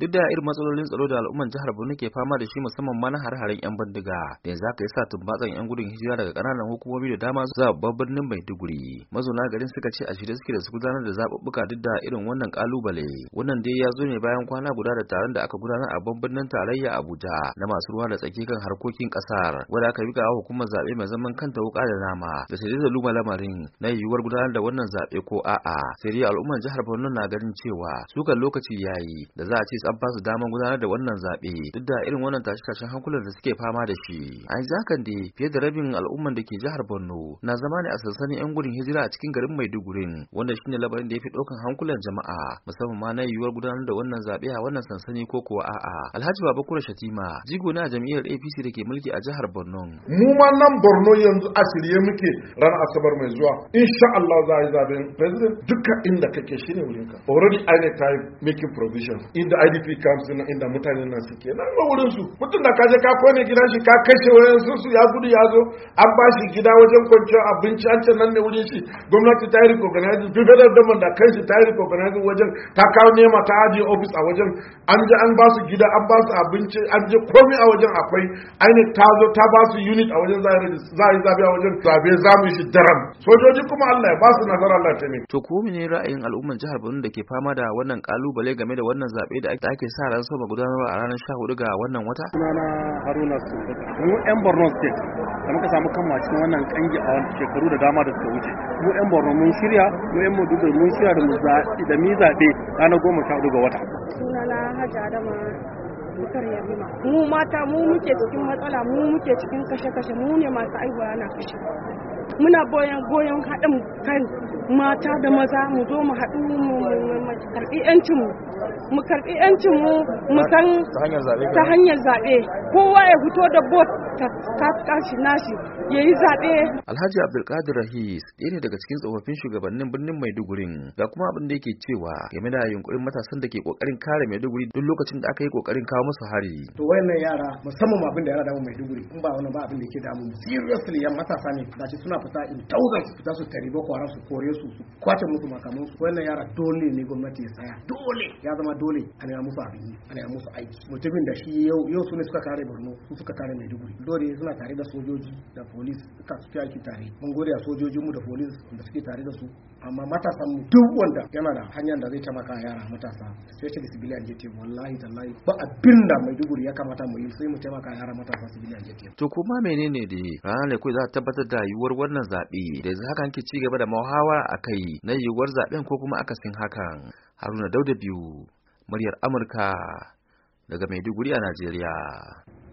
duk da irin matsalolin tsaro da al'umman jihar Borno ke fama da shi musamman ma na har haren yan bindiga da yanzu yi sa tumbatsan yan gudun hijira daga ƙananan hukumomi da dama zuwa babban birnin Maiduguri mazauna garin suka ce a shirye suke da su gudanar da zaɓuɓɓuka duk da irin wannan ƙalubale wannan dai ya zo ne bayan kwana guda da taron da aka gudanar a babban birnin tarayya Abuja na masu ruwa da tsaki kan harkokin ƙasar wanda aka bika hukumar zaɓe mai zaman kanta wuƙa da nama da sai da luma lamarin na yiwuwar gudanar da wannan zaɓe ko a'a sai dai al'umman jihar Borno na garin cewa sukan lokaci yayi da za a ce an basu daman damar gudanar da wannan zaɓe duk da irin wannan tashe-tashen hankulan da suke fama da shi a yanzu hakan da fiye da rabin al'umman da ke jihar borno na zama ne a sansanin yan gurin hijira a cikin garin maidugurin wanda shine labarin da ya fi ɗaukan hankulan jama'a musamman ma na yiwuwar gudanar da wannan zaɓe a wannan sansani ko kuwa a'a alhaji babakura shatima jigo na jam'iyyar apc da ke mulki a jihar borno mu ma nan borno yanzu a shirye muke ran asabar mai zuwa insha Allah za a yi zaben president dukkan inda kake shine wurinka already INEC ta yi making provision inda IDP kamsin inda mutanen nan suke nan ga wurin su mutum da kaje ka kone gidan shi ka kashe wurin su su ya gudu ya zo an ba shi gida wajen kwanciya abinci an ce nan ne wurin shi gwamnati ta yi recognizing duk da da kanshi ta yi recognizing wajen ta kawo nema ta ajiye office a wajen an je an ba su gida an ba su abinci an je komai a wajen akwai aini ta zo ta ba su unit a wajen za a yi zabe a wajen zabe za mu shi daram sojoji kuma Allah ya ba su nasara Allah ta ne. To ko ne ra'ayin al'ummar jihar Borno da ke fama da wannan kalubale game da wannan zabe da da ake sa ran sama gudanarwa a ranar 14 ga wannan wata? Sunana Haruna Sundaka. Mu 'yan Borno State da muka samu kanmu cikin wannan kangi a wani shekaru da dama da suka wuce. Mu 'yan Borno mun shirya, mu 'yan Maiduguri mun shirya da mu da mi zaɓe ranar goma sha hudu ga wata. Sunana Hajji Adama mu mata mu muke cikin matsala mu muke cikin kashe-kashe mu ne masu aiwa na kashe muna goyon goyon haɗin kan mata da maza mu zo mu haɗu mu karɓi 'yancin mu mu karbi yancin mu mu san ta hanyar zaɓe kowa ya fito da bot tashi nashi ya yi zaɓe. Alhaji Abdulkadir Rahis ɗaya ne daga cikin tsofaffin shugabannin birnin Maiduguri ga kuma abin da yake cewa game da yunkurin matasan da ke ƙoƙarin kare Maiduguri duk lokacin da aka yi ƙoƙarin kawo musu hari. To wayannan yara musamman abin da yara damu Maiduguri in ba wani ba abin da yake damu seriously yan matasa ne da suna fita in tauzan fita su tari boko haram su kore su su kwace musu makaman su wayannan yara dole ne gwamnati ya tsaya dole ya zama dole a musu abin a musu aiki mutumin da shi yau yau su ne suka kare Borno su suka kare Maiduguri dole suna tare da sojoji da polis suka su aiki tare mun gode a sojojinmu da polis da suke tare da su amma matasan mu duk wanda yana da hanyar da zai taimaka yara matasa especially civilian JT wallahi tallahi ba abin da mai duguri ya kamata mu yi sai mu taimaka yara matasa civilian JT to kuma menene da ranar da za ta tabbatar da yiwuwar wannan zaɓe da yanzu hakan ke ci gaba da muhawara a kai na yiwuwar zaben ko kuma akasin hakan haruna dauda biyu muryar amurka daga maiduguri a najeriya